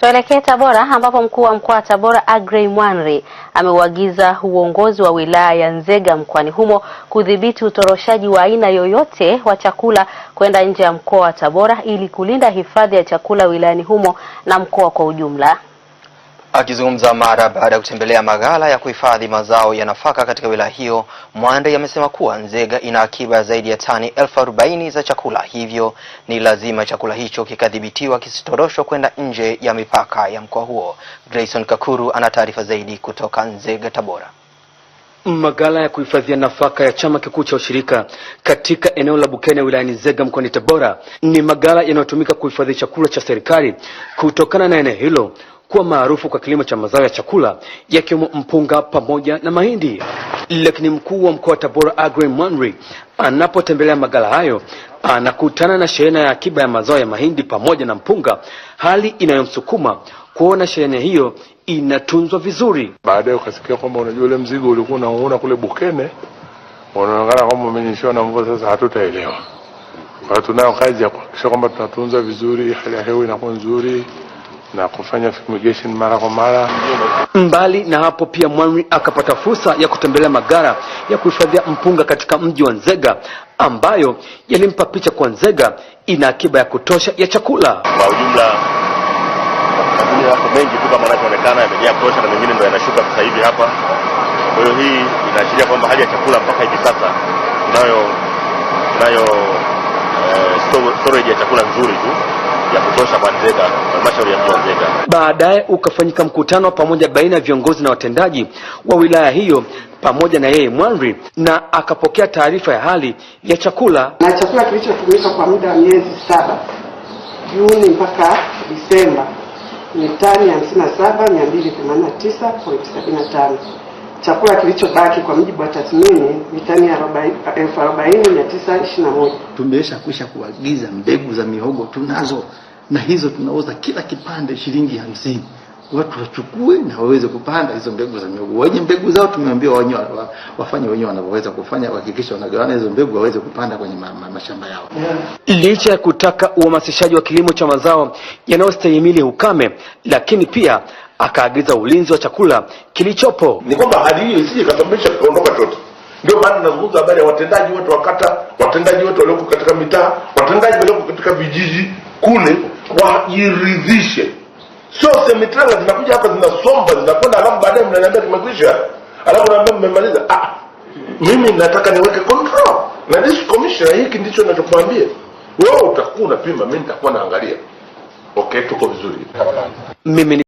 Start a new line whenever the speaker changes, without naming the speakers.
Tuelekee Tabora ambapo mkuu wa mkoa wa Tabora Agrey Mwanri ameuagiza uongozi wa wilaya ya Nzega mkoani humo kudhibiti utoroshaji wa aina yoyote wa chakula kwenda nje ya mkoa wa Tabora ili kulinda hifadhi ya chakula wilayani humo na mkoa kwa ujumla.
Akizungumza mara baada ya kutembelea maghala ya kuhifadhi mazao ya nafaka katika wilaya hiyo, Mwande amesema kuwa Nzega ina akiba zaidi ya tani elfu arobaini za chakula, hivyo ni lazima chakula hicho kikadhibitiwa kisitoroshwa kwenda nje ya mipaka ya mkoa huo. Grayson Kakuru ana taarifa zaidi kutoka Nzega, Tabora.
Maghala ya kuhifadhia nafaka ya chama kikuu cha ushirika katika eneo la Bukene wilayani Nzega mkoani Tabora ni maghala yanayotumika kuhifadhi chakula cha serikali. Kutokana na eneo hilo kuwa maarufu kwa kilimo cha mazao ya chakula yakiwemo mpunga pamoja na mahindi. Lakini mkuu wa mkoa wa Tabora Agre Mwanri anapotembelea magala hayo anakutana na shehena ya akiba ya mazao ya mahindi pamoja na mpunga, hali inayomsukuma kuona shehena hiyo inatunzwa vizuri.
Baadaye ukasikia kwamba unajua, ule mzigo ulikuwa unaona kule Bukene unaonekana kwamba umenyeshewa na mvua, sasa hatutaelewa. Kwa tunayo kazi ya kuhakikisha kwamba tunatunza vizuri, hali ya hewa inakuwa nzuri na kufanya fumigation mara kwa mara.
Mbali na hapo, pia Mwanri akapata fursa ya kutembelea magara ya kuhifadhia mpunga katika mji wa Nzega ambayo yalimpa picha kwa Nzega ina akiba ya kutosha ya chakula.
Kwa ujumla yako mengi tu kama yanavyoonekana yamejaa kutosha, na mengine ndio yanashuka sasa hivi hapa. Kwa hiyo hii inaashiria kwamba hali ya chakula mpaka hivi sasa tunayo tunayo, eh, storage ya chakula nzuri tu kutosha kwa Nzega, halmashauri ya mji wa Nzega.
Baadaye ukafanyika mkutano pamoja baina ya viongozi na watendaji wa wilaya hiyo pamoja na yeye Mwanri na akapokea taarifa ya hali ya chakula
na chakula kilichotumika kwa muda wa miezi saba Juni mpaka Disemba ni tani 57289.75. Chakula kilichobaki kwa mujibu wa tathmini ni tani 40921.
Tumesha kwisha kuagiza mbegu za mihogo tunazo na hizo tunauza kila kipande shilingi hamsini watu wachukue na waweze kupanda hizo mbegu za mihogo. Wenye mbegu zao tumeambiwa wenyewe wafanye wenyewe wanavyoweza kufanya, wahakikisha wanagawana hizo mbegu waweze kupanda kwenye ma, ma, mashamba yao.
Licha ya kutaka uhamasishaji wa kilimo cha mazao yanayostahimili ukame, lakini pia akaagiza ulinzi wa chakula kilichopo.
Ni kwamba hali hiyo isije ikasababisha kuondoka chote. Ndio maana nazungumza habari ya watendaji wote wa kata, watendaji wote walioko katika mitaa, watendaji walioko katika vijiji kule wairidhishe sio semitranga zinakuja hapa zinasomba zinakwenda alafu baadaye mnaniambia kimekwisha alafu naambia mmemaliza ah, mimi nataka niweke control na this commissioner hiki ndicho nachokwambia wewe utakuwa unapima mi nitakuwa naangalia okay tuko vizuri mimi